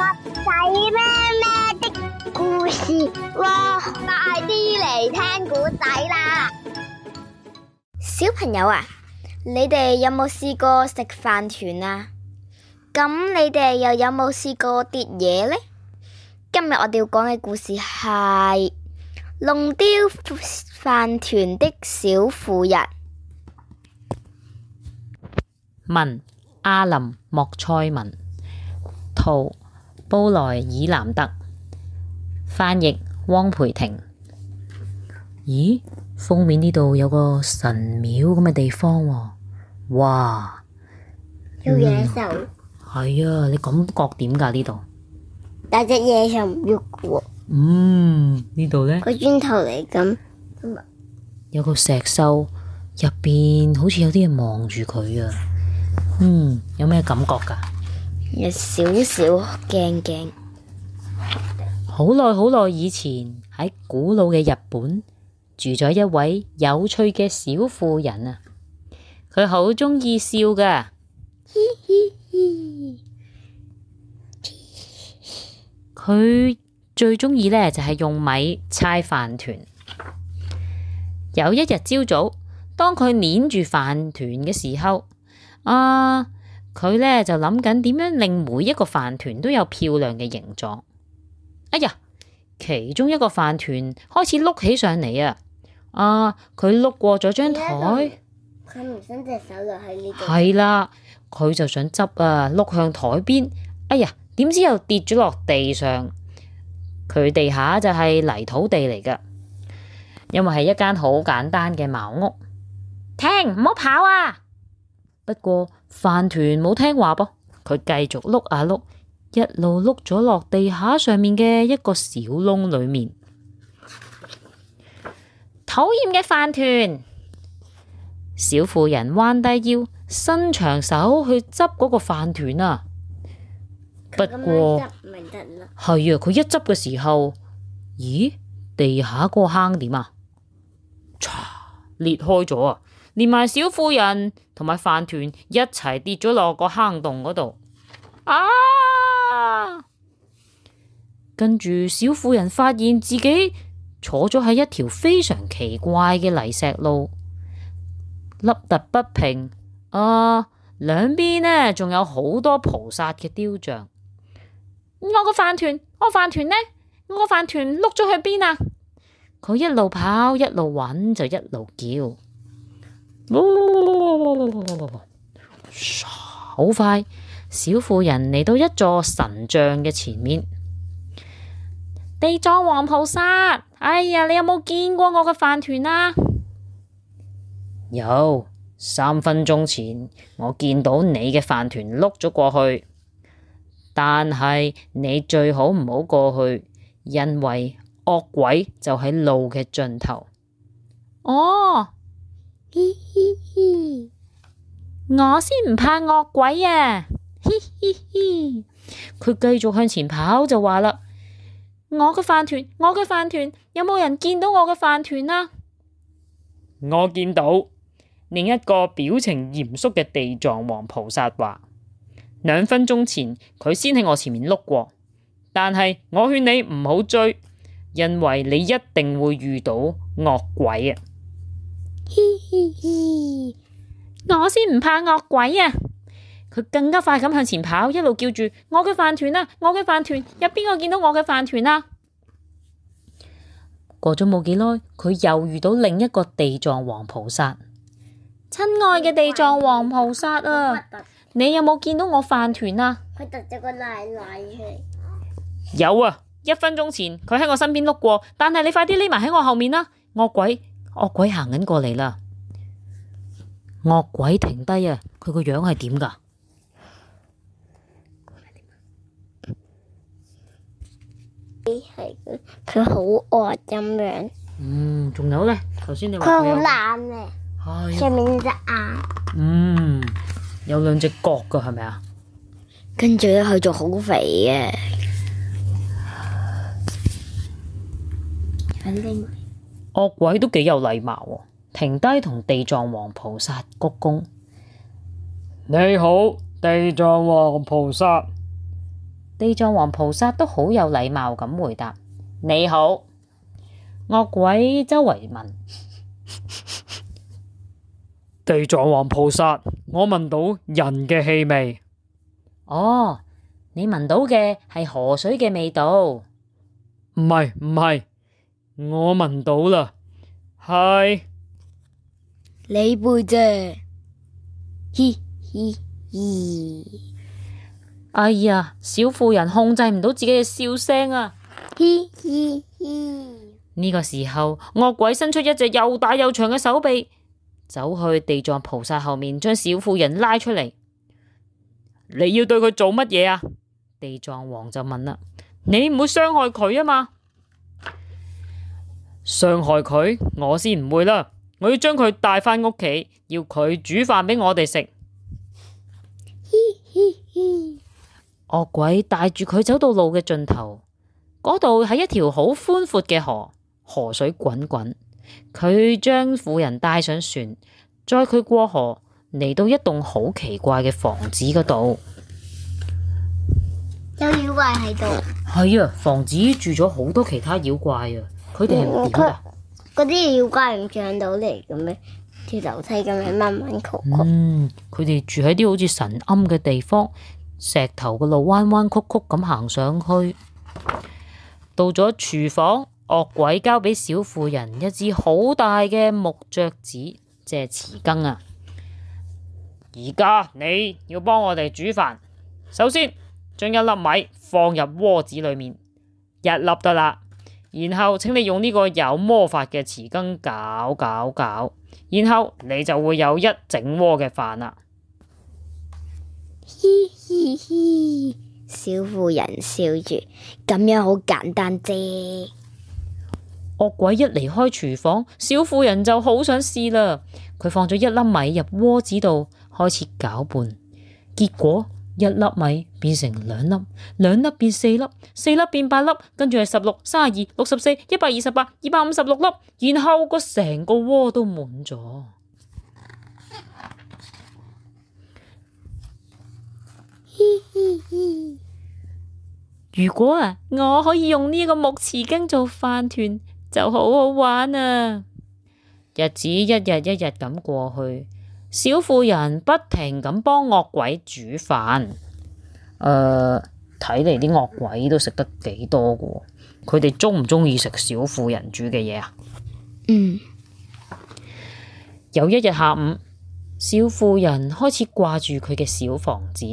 仔咩咩的故事，哇！快啲嚟聽古仔啦，小朋友啊，你哋有冇試過食飯團啊？咁你哋又有冇試過跌嘢呢？今日我哋要講嘅故事係《弄丟飯團的小婦人》文，文亞琳莫賽文，圖。布萊爾藍特翻譯汪培珽。咦，封面呢度有個神廟咁嘅地方喎。哦，哇，有、嗯、野獸。係啊，你感覺點噶呢度？大隻野獸唔喐嘅喎。嗯，呢度咧？個磚頭嚟咁。有個石獸，入邊好似有啲人望住佢啊。嗯，有咩感覺噶？有少少驚驚。好耐好耐以前喺古老嘅日本住咗一位有趣嘅小婦人啊，佢好鍾意笑噶，嘻嘻嘻。佢最鍾意呢，就係用米猜飯團。有一日朝早，當佢捏住飯團嘅時候，啊！佢呢就諗緊點樣令每一個飯糰都有漂亮嘅形狀。哎呀，其中一個飯糰開始碌起上嚟啊！啊，佢碌過咗張台，佢唔想隻手落喺呢邊。係啦，佢就想執啊，碌向台邊。哎呀，點知又跌咗落地上。佢地下就係泥土地嚟噶，因為係一間好簡單嘅茅屋。停，唔好跑啊！不過飯團冇聽話噃，佢繼續碌啊碌，一路碌咗落地下上面嘅一個小窿裏面。討厭嘅飯團！小婦人彎低腰，伸長手去執嗰個飯團啊！不，不過係啊，佢一執嘅時候，咦？地下嗰個坑點啊？嚓！裂開咗啊！連埋小婦人同埋飯糰一齊跌咗落個坑洞嗰度，啊！跟住小婦人發現自己坐咗喺一條非常奇怪嘅泥石路，凹凸不平。啊，兩邊呢，仲有好多菩薩嘅雕像。我個飯糰，我飯糰呢？我飯糰碌咗去邊啊？佢一路跑，一路揾，就一路叫。好快，小婦人嚟到一座神像嘅前面。地藏王菩薩，哎呀，你有冇見過我嘅飯糰啊？有，三分鐘前我見到你嘅飯糰碌咗過去，但係你最好唔好過去，因為惡鬼就喺路嘅盡頭。哦。Oh. 我先唔怕惡鬼啊！嘻嘻嘻，佢繼續向前跑就話啦，我嘅飯糰，我嘅飯糰，有冇人見到我嘅飯糰啊？我見到另一個表情嚴肅嘅地藏王菩薩話，兩分鐘前佢先喺我前面碌過，但係我勸你唔好追，因為你一定會遇到惡鬼啊！嘻嘻嘻，我先唔怕惡鬼啊！佢更加快咁向前跑，一路叫住我嘅飯團啦、啊，我嘅飯團，有邊個見到我嘅飯團啊？過咗冇幾耐，佢又遇到另一個地藏王菩薩。親愛嘅地藏王菩薩啊，你有冇見到我飯團啊？佢突咗個奶奶去。有啊，一分鐘前佢喺我身邊碌過，但係你快啲匿埋喺我後面啦，惡鬼！惡鬼行緊過嚟啦，惡鬼停低啊！佢個樣係點噶？佢係佢，佢好惡咁樣。嗯，仲有咧，頭先你話佢好懶咧，上面隻眼。嗯，有兩隻角噶係咪啊？跟住咧，佢就好肥嘅。反正。惡鬼都幾有禮貌，停低同地藏王菩薩鞠躬。你好，地藏王菩薩。地藏王菩薩都好有禮貌咁回答，你好。惡鬼周圍聞。地藏王菩薩，我聞到人嘅氣味。哦，你聞到嘅係河水嘅味道。唔係，唔係。我聞到啦，係你背脊，嘻嘻嘻！哎呀，小婦人控制唔到自己嘅笑聲啊，嘻嘻嘻！呢個時候，惡鬼伸出一隻又大又長嘅手臂，走去地藏菩薩後面，將小婦人拉出嚟。你要對佢做乜嘢啊？地藏王就問啦，你唔會傷害佢啊嘛！傷害佢，我先唔會啦。我要將佢帶返屋企，要佢煮飯畀我哋食。惡 鬼帶住佢走到路嘅盡頭，嗰度係一條好寬闊嘅河，河水滾滾。佢將婦人帶上船，載佢過河，嚟到一棟好奇怪嘅房子嗰度。有妖怪喺度，係啊，房子住咗好多其他妖怪啊。佢哋係點啊？嗰啲妖怪唔上到嚟嘅咩？條樓梯咁樣彎彎曲曲。嗯，佢哋住喺啲好似神庵嘅地方，石頭嘅路彎彎曲曲咁行上去。到咗廚房，惡鬼交俾小婦人一支好大嘅木杓子，即係匙羹啊！而家你要幫我哋煮飯，首先將一粒米放入鍋子裏面，一粒得啦。然後請你用呢個有魔法嘅匙羹攪攪攪，然後你就會有一整鍋嘅飯啦。嘻嘻嘻，小婦人笑住，咁樣好簡單啫。惡鬼一離開廚房，小婦人就好想試啦。佢放咗一粒米入鍋子度，開始攪拌，結果。一粒米變成兩粒，兩粒變四粒，四粒變八粒，跟住係十六、三十二、六十四、一百二十八、二百五十六粒，然後個成個窩都滿咗。 如果啊，我可以用呢個木匙羹做飯團，就好好玩啊！日子一日一日咁過去。小婦人不停咁幫惡鬼煮飯，誒、呃，睇嚟啲惡鬼都食得幾多噶。佢哋鍾唔鍾意食小婦人煮嘅嘢啊？嗯。有一日下午，小婦人開始掛住佢嘅小房子，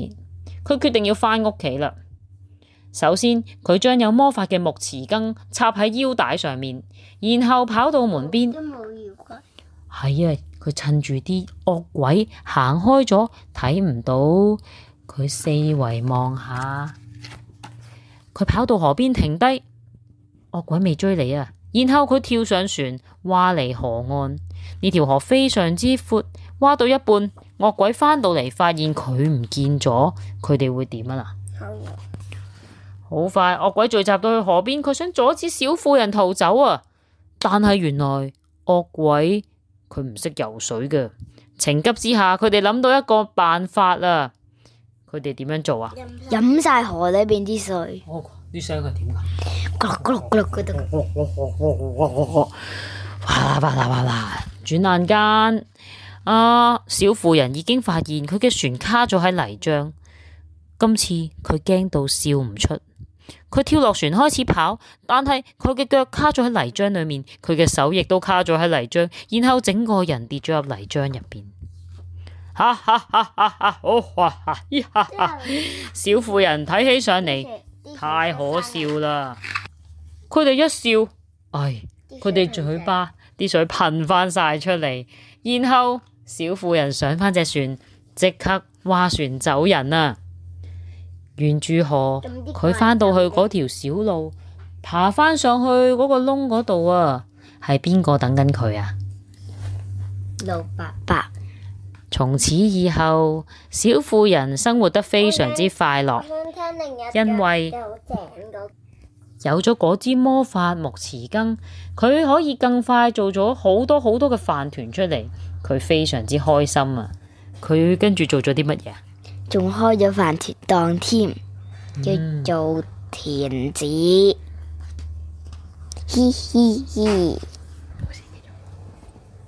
佢決定要返屋企啦。首先，佢將有魔法嘅木匙羹插喺腰帶上面，然後跑到門邊。嗯嗯係啊！佢趁住啲惡鬼行開咗，睇唔到佢四圍望下，佢跑到河邊停低，惡鬼未追嚟啊！然後佢跳上船，划離河岸。呢條河非常之闊，划到一半，惡鬼返到嚟，發現佢唔見咗，佢哋會點啊？啦，好快，惡鬼聚集到去河邊，佢想阻止小婦人逃走啊！但係原來惡鬼。佢唔識游水嘅，情急之下，佢哋諗到一個辦法啦。佢哋點樣做啊？飲晒河裏邊啲水。啲聲係點噶？咕碌咕碌咕碌咕碌。嘩啦嘩啦嘩啦，轉眼間阿小婦人已經發現佢嘅船卡咗喺泥漿。今次佢驚到笑唔出。佢跳落船開始跑，但係佢嘅腳卡咗喺泥漿裏面，佢嘅手亦都卡咗喺泥漿，然後整個人跌咗入泥漿入邊。哈哈哈！哈哈，好哇！咦，小婦人睇起上嚟太可笑啦。佢哋一笑，哎，佢哋嘴巴啲水噴翻晒出嚟，然後小婦人上翻隻船，即刻划船走人啦。沿住河，佢返到去嗰條小路，爬返上去嗰個窿嗰度啊，係邊個等緊佢啊？老伯伯。從此以後，小婦人生活得非常之快樂，聽聽因為有咗嗰支魔法木匙羹，佢可以更快做咗好多好多嘅飯糰出嚟，佢非常之開心啊！佢跟住做咗啲乜嘢？仲開咗飯糰檔添，叫做田子，嘻 嘻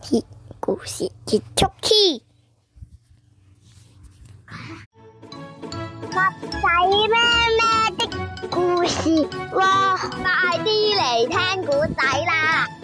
嘻。故事結束，襪， 仔咩咩的故事結束 快啲嚟聽故仔啦！